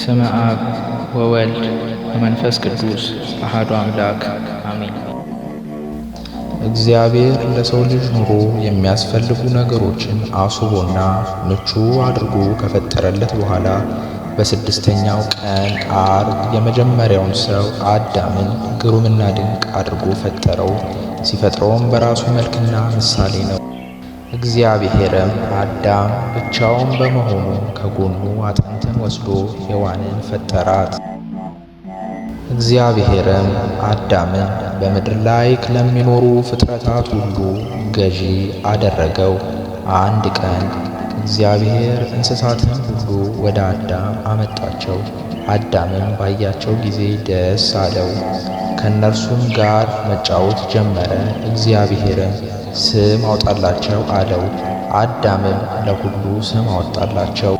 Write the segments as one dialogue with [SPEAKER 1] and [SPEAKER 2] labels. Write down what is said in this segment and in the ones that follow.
[SPEAKER 1] በስመ አብ ወወልድ ወመንፈስ ቅዱስ አሐዱ አምላክ አሜን።
[SPEAKER 2] እግዚአብሔር ለሰው ልጅ ኑሮ የሚያስፈልጉ ነገሮችን አስቦና ምቹ አድርጎ ከፈጠረለት በኋላ በስድስተኛው ቀን አርብ የመጀመሪያውን ሰው አዳምን ግሩምና ድንቅ አድርጎ ፈጠረው። ሲፈጥረውም በራሱ መልክና ምሳሌ ነው። እግዚአብሔርም አዳም ብቻውን በመሆኑ ከጎኑ አጥንትን ወስዶ ሔዋንን ፈጠራት። እግዚአብሔርም አዳምን በምድር ላይ ለሚኖሩ ፍጥረታት ሁሉ ገዢ አደረገው። አንድ ቀን እግዚአብሔር እንስሳትን ሁሉ ወደ አዳም አመጣቸው። አዳምም ባያቸው ጊዜ ደስ አለው። ከእነርሱም ጋር መጫወት ጀመረ። እግዚአብሔርም ስም አውጣላቸው አለው። አዳምም ለሁሉ ስም አወጣላቸው።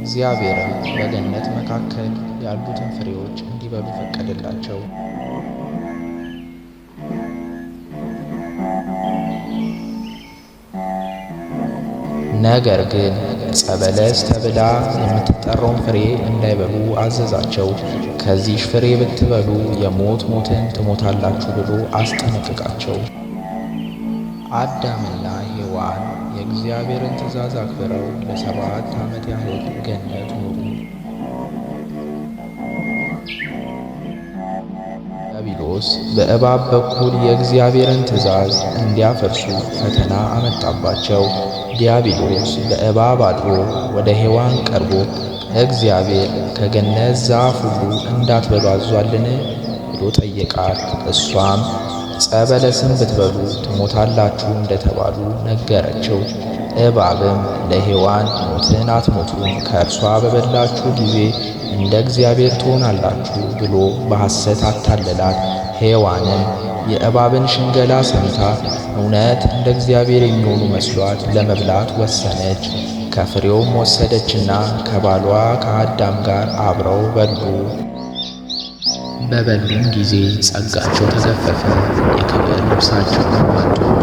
[SPEAKER 2] እግዚአብሔርም በገነት መካከል ያሉትን ፍሬዎች እንዲበሉ ፈቀደላቸው። ነገር ግን ጸበለስ በለስ ተብላ የምትጠራውን ፍሬ እንዳይበሉ አዘዛቸው። ከዚህ ፍሬ ብትበሉ የሞት ሞትን ትሞታላችሁ ብሎ አስጠነቅቃቸው። አዳምና ሔዋን የእግዚአብሔርን ትእዛዝ አክብረው ለሰባት ዓመት ያህል ገነት ኖሩ። ንጉሥ በእባብ በኩል የእግዚአብሔርን ትእዛዝ እንዲያፈርሱ ፈተና አመጣባቸው። ዲያብሎስ በእባብ አድሮ ወደ ሔዋን ቀርቦ እግዚአብሔር ከገነት ዛፍ ሁሉ እንዳትበሉ አዟልን ብሎ ጠየቃት። እሷም ዕፀ በለስን ብትበሉ ትሞታላችሁ እንደተባሉ ነገረችው። እባብም ለሔዋን ሞትን አትሞቱ፣ ከእርሷ በበላችሁ ጊዜ እንደ እግዚአብሔር ትሆናላችሁ ብሎ በሐሰት አታለላት። ሔዋንም የእባብን ሽንገላ ሰምታ እውነት እንደ እግዚአብሔር የሚሆኑ መስሏት ለመብላት ወሰነች። ከፍሬውም ወሰደችና ከባሏ ከአዳም ጋር አብረው በሉ። በበሉም ጊዜ ጸጋቸው ተገፈፈ፣ የክብር ልብሳቸውን አጡ።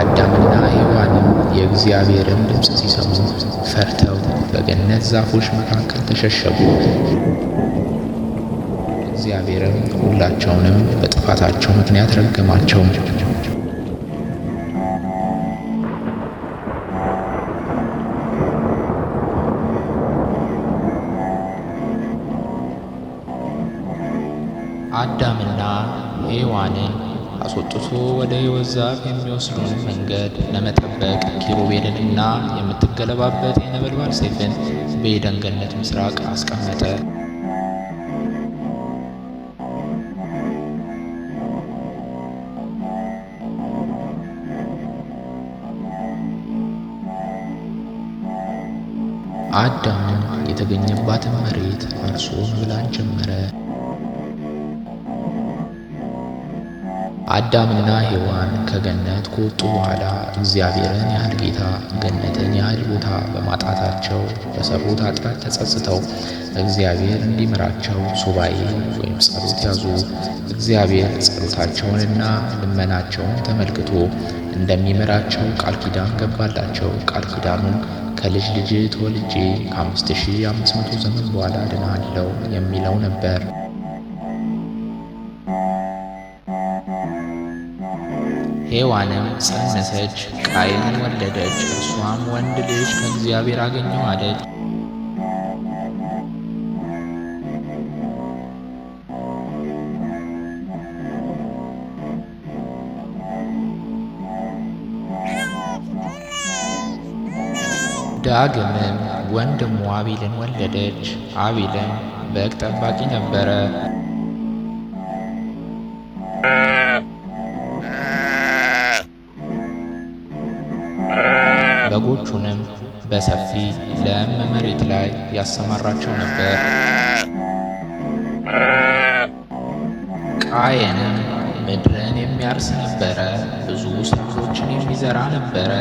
[SPEAKER 2] አዳምና ሔዋንም የእግዚአብሔርን ድምፅ ሲሰሙ ፈርተው በገነት ዛፎች መካከል ተሸሸጉ። እግዚአብሔርም ሁላቸውንም በጥፋታቸው ምክንያት ረገማቸው። አዳምና ሔዋንን አስወጥቶ ወደ ሕይወት ዛፍ የሚወስዱን መንገድ ለመጠበቅ ኪሩቤልንና የምትገለባበት የነበልባል ሰይፍን በየደንገነት ገነት ምስራቅ አስቀመጠ። አዳምም የተገኘባትን መሬት አርሶ መብላን ጀመረ። አዳምና ሔዋን ከገነት ከወጡ በኋላ እግዚአብሔርን ያህል ጌታ ገነትን ያህል ቦታ በማጣታቸው በሰሩት ኃጢአት ተጸጽተው እግዚአብሔር እንዲምራቸው ሱባኤ ወይም ጸሎት ያዙ። እግዚአብሔር ጸሎታቸውንና ልመናቸውን ተመልክቶ እንደሚምራቸው ቃል ኪዳን ገባላቸው። ቃል ኪዳኑን ከልጅ ልጅ ተወልጄ ከ5500 ዘመን በኋላ ድናለው የሚለው ነበር። ሔዋንም ጸነሰች፣ ቃይንን ወለደች። እርሷም ወንድ ልጅ ከእግዚአብሔር አገኘው አለች። ዳግምም ወንድሙ አቤልን ወለደች። አቤልም በግ ጠባቂ ነበረ። ሕዝቡንም በሰፊ ለም መሬት ላይ ያሰማራቸው ነበር። ቃየንም ምድርን የሚያርስ ነበረ፣ ብዙ ሰብሎችን የሚዘራ ነበረ።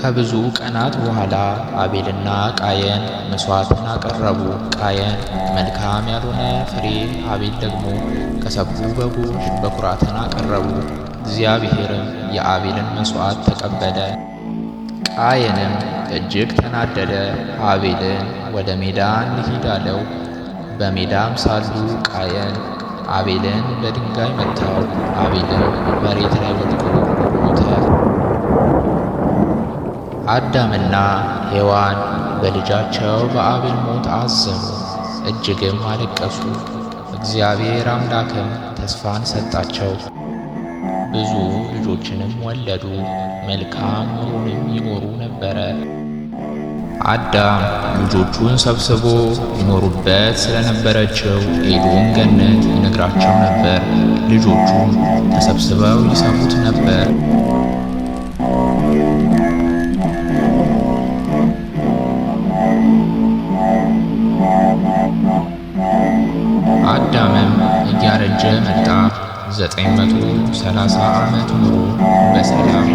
[SPEAKER 2] ከብዙ ቀናት በኋላ አቤልና ቃየን መስዋዕትን አቀረቡ። ቃየን መልካም ያልሆነ ፍሬ፣ አቤል ደግሞ ከሰቡ በጎች በኩራትን አቀረቡ። እግዚአብሔርም የአቤልን መስዋዕት ተቀበለ። ቃየንም እጅግ ተናደደ። አቤልን ወደ ሜዳ እንሂድ አለው። በሜዳም ሳሉ ቃየን አቤልን በድንጋይ መታው። አቤልን መሬት ላይ ወድቆ ሞተ። አዳምና ሔዋን በልጃቸው በአቤል ሞት አዘኑ፣ እጅግም አለቀሱ። እግዚአብሔር አምላክም ተስፋን ሰጣቸው፣ ብዙ ልጆችንም ወለዱ። መልካም ኑሮንም ነበረ። አዳም ልጆቹን ሰብስቦ ይኖሩበት ስለነበረችው ኤዶን ገነት ይነግራቸው ነበር። ልጆቹ ተሰብስበው ይሰሙት ነበር። አዳምም እያረጀ መጣ። ዘጠኝ መቶ ሰላሳ ዓመት ኑሮ በሰላም